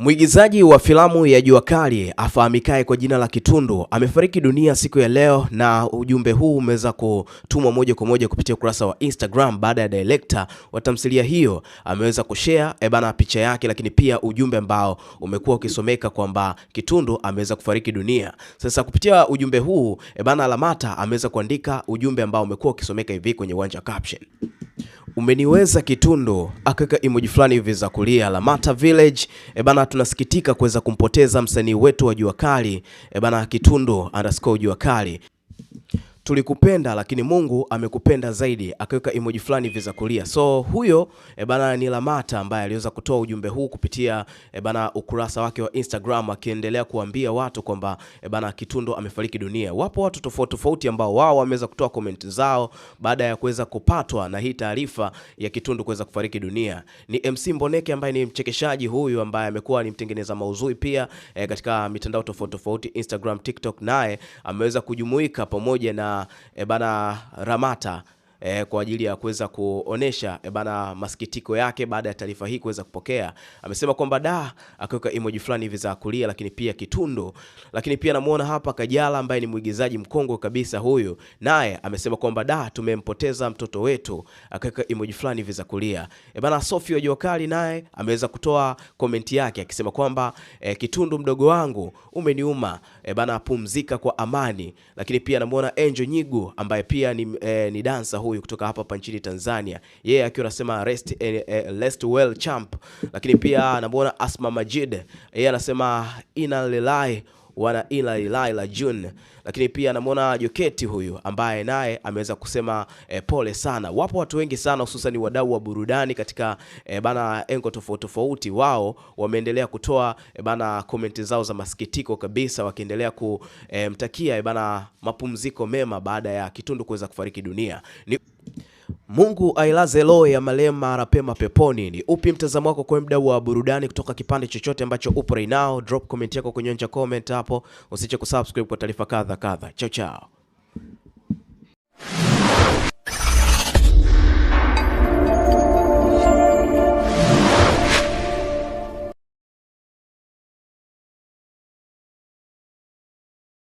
Mwigizaji wa filamu ya Jua Kali afahamikaye kwa jina la Kitundu amefariki dunia siku ya leo, na ujumbe huu umeweza kutumwa moja kwa moja kupitia ukurasa wa Instagram baada ya director wa tamthilia hiyo ameweza kushare ebana picha yake, lakini pia ujumbe ambao umekuwa ukisomeka kwamba Kitundu ameweza kufariki dunia. Sasa kupitia ujumbe huu ebana Lamata ameweza kuandika ujumbe ambao umekuwa ukisomeka hivi kwenye uwanja caption. Umeniweza Kitundu akaweka emoji fulani hivi za kulia. Lamata Village e bana, tunasikitika kuweza kumpoteza msanii wetu wa jua kali e bana, Kitundu underscore jua kali tulikupenda lakini Mungu amekupenda zaidi, akaweka emoji fulani hivi za kulia. So huyo e bana ni Lamata ambaye aliweza kutoa ujumbe huu kupitia e bana ukurasa wake wa Instagram, akiendelea kuambia watu kwamba e bana Kitundo amefariki dunia. Wapo watu tofauti tofauti ambao wao wameweza kutoa comment zao baada ya kuweza kupatwa na hii taarifa ya Kitundo kuweza kufariki dunia. Ni MC Mboneke ambaye ni mchekeshaji huyu ambaye amekuwa ni mtengeneza mauzui pia e, katika mitandao tofauti tofauti Instagram, TikTok, naye ameweza kujumuika pamoja na e, bana Ramata eh, kwa ajili ya kuweza kuonesha eh, bana masikitiko yake baada ya taarifa hii kuweza kupokea. Amesema kwamba da, akaweka emoji fulani hivi za kulia, lakini pia kitundo. Lakini pia namuona hapa Kajala ambaye ni mwigizaji mkongwe kabisa huyu, naye amesema kwamba da, tumempoteza mtoto wetu, akaweka emoji fulani hivi za kulia. Eh, bana Sofi wa Jokali naye ameweza kutoa komenti yake akisema kwamba eh, Kitundu mdogo wangu umeniuma, eh, bana pumzika kwa amani. Lakini pia namuona Angel Nyigu ambaye pia ni, eh, ni dansa huyu kutoka hapa hapa nchini Tanzania, yeye akiwa anasema rest, eh, eh, rest well champ. Lakini pia anamwona Asma Majid, yeye anasema inalilahi wana ila Ilaila June, lakini pia anamwona Joketi huyu ambaye naye ameweza kusema e, pole sana. Wapo watu wengi sana hususan wadau wa burudani katika e, bana engo tofauti tofauti, wao wameendelea kutoa e, bana komenti zao za masikitiko kabisa, wakiendelea kumtakia e, bana mapumziko mema baada ya Kitundu kuweza kufariki dunia Ni... Mungu ailaze roho ya marehemu mara pema peponi. Ni upi mtazamo wako kwa mdau wa burudani kutoka kipande chochote ambacho upo right now? Drop comment yako kwenye comment hapo, usiche kusubscribe kwa taarifa kadha kadha. Chao chao.